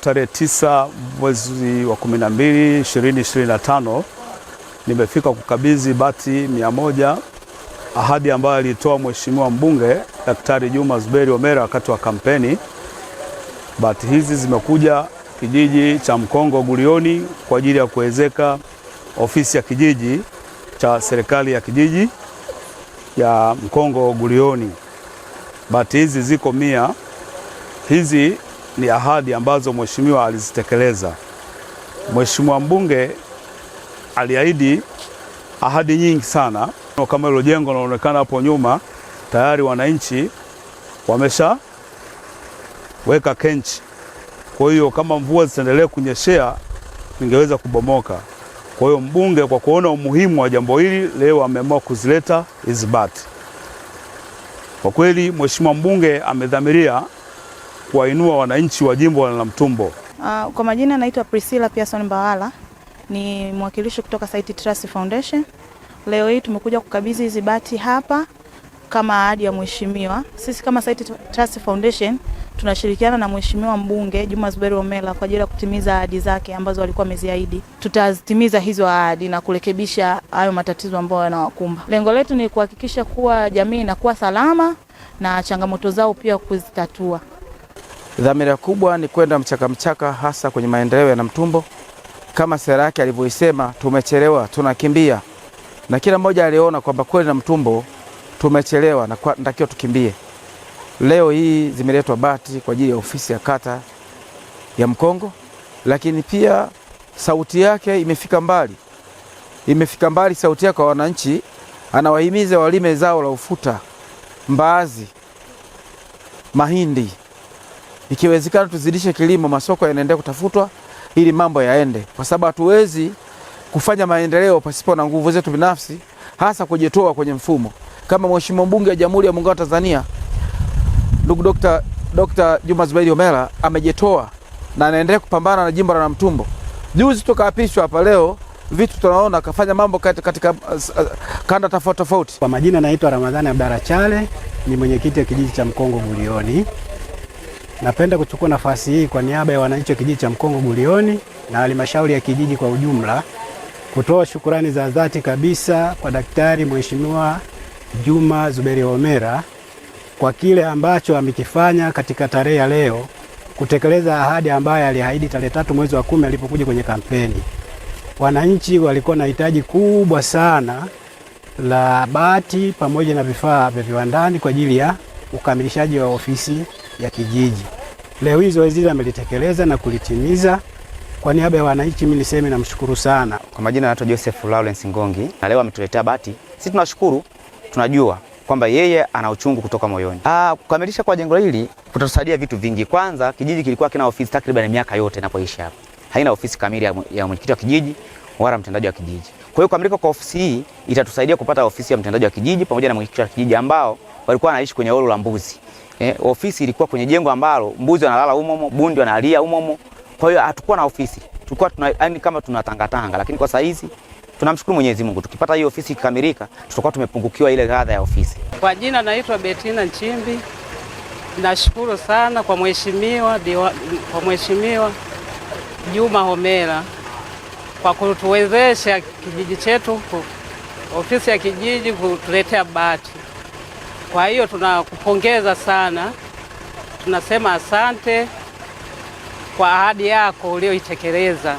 Tarehe tisa mwezi wa 12 2025 nimefika kukabidhi bati 100 ahadi ambayo alitoa mheshimiwa mbunge Daktari Juma Zuberi Homera wakati wa kampeni. Bati hizi zimekuja kijiji cha Mkongo Gulioni kwa ajili ya kuwezeka ofisi ya kijiji cha serikali ya kijiji ya Mkongo Gulioni. Bati hizi ziko mia hizi ni ahadi ambazo mheshimiwa alizitekeleza. Mheshimiwa mbunge aliahidi ahadi nyingi sana, kama hilo jengo linaonekana hapo nyuma, tayari wananchi wameshaweka kenchi. Kwa hiyo kama mvua zitaendelea kunyeshea, ningeweza kubomoka. Kwa hiyo mbunge kwa kuona umuhimu wa jambo hili, leo ameamua kuzileta hizi bati. Kwa kweli mheshimiwa mbunge amedhamiria kuwainua wananchi wa jimbo la Namtumbo. Uh, kwa majina naitwa Priscilla Pearson Mbawala ni mwakilishi kutoka Site Trust Foundation. Leo hii tumekuja kukabidhi hizi bati hapa kama ahadi ya mheshimiwa. Sisi kama Site Trust Foundation tunashirikiana na mheshimiwa mbunge Juma Zuberi Omela kwa ajili ya kutimiza ahadi zake ambazo walikuwa wameziahidi. Tutazitimiza hizo ahadi na kurekebisha hayo matatizo ambayo yanawakumba. Lengo letu ni kuhakikisha kuwa jamii inakuwa salama na changamoto zao pia kuzitatua. Dhamira kubwa ni kwenda mchaka mchaka hasa kwenye maendeleo ya Namtumbo. Kama sera yake alivyoisema, tumechelewa, tunakimbia, na kila mmoja aliona kwamba kweli Namtumbo tumechelewa na natakiwa tukimbie. Leo hii zimeletwa bati kwa ajili ya ofisi ya kata ya Mkongo, lakini pia sauti yake imefika mbali, imefika mbali sauti yake kwa wananchi. Anawahimiza walime zao la ufuta, mbaazi, mahindi Ikiwezekana tuzidishe kilimo, masoko yanaendelea kutafutwa ili mambo yaende, kwa sababu hatuwezi kufanya maendeleo pasipo na nguvu zetu binafsi, hasa kujitoa kwenye mfumo. Kama Mheshimiwa Mbunge wa Jamhuri ya Muungano wa Tanzania ndugu Dr. Dr. Juma Zuberi Homera amejitoa na anaendelea kupambana na jimbo la Namtumbo. Juzi tukaapishwa hapa, leo vitu tunaona kafanya mambo katika katika uh, kanda tofauti tofauti. Kwa majina naitwa Ramadhani Abdara Chale, ni mwenyekiti wa kijiji cha Mkongo Mulioni. Napenda kuchukua nafasi hii kwa niaba ya wananchi wa kijiji cha Mkongo Gulioni na halmashauri ya kijiji kwa ujumla kutoa shukurani za dhati kabisa kwa Daktari Mheshimiwa Juma Zuberi Homera kwa kile ambacho amekifanya katika tarehe ya leo kutekeleza ahadi ambayo aliahidi tarehe tatu mwezi wa kumi alipokuja kwenye kampeni. Wananchi walikuwa na hitaji kubwa sana la bati pamoja na vifaa vya viwandani kwa ajili ya ukamilishaji wa ofisi ya kijiji. Leo hii zoezi hili amelitekeleza na kulitimiza. Kwa niaba ya wananchi mimi niseme namshukuru sana. Kwa majina anaitwa Joseph Lawrence Ngongi, na leo ametuletea bati. Sisi tunashukuru, tunajua kwamba yeye ana uchungu kutoka moyoni. Ah, kukamilisha kwa jengo hili kutatusaidia vitu vingi. Kwanza, kijiji kilikuwa kina ofisi takriban miaka yote inapoishi hapa, haina ofisi kamili ya, ya mwenyekiti wa kijiji wala mtendaji wa kijiji. Kwa hiyo kukamilika kwa ofisi hii itatusaidia kupata ofisi ya mtendaji wa kijiji pamoja na mwenyekiti wa kijiji ambao walikuwa wanaishi kwenye holo la mbuzi. Eh, ofisi ilikuwa kwenye jengo ambalo mbuzi wanalala humo, bundi wanalia humo. Kwa hiyo hatukuwa na ofisi. Tulikuwa tuna yani kama tunatangatanga, lakini kwa saa hizi tunamshukuru Mwenyezi Mungu, tukipata hiyo ofisi ikikamilika, tutakuwa tumepungukiwa ile ladha ya ofisi. Kwa jina naitwa Betina Nchimbi. Nashukuru sana kwa mheshimiwa kwa mheshimiwa Juma Homera kwa kutuwezesha kijiji chetu, ofisi ya kijiji kutuletea bati. Kwa hiyo tunakupongeza sana, tunasema asante kwa ahadi yako uliyoitekeleza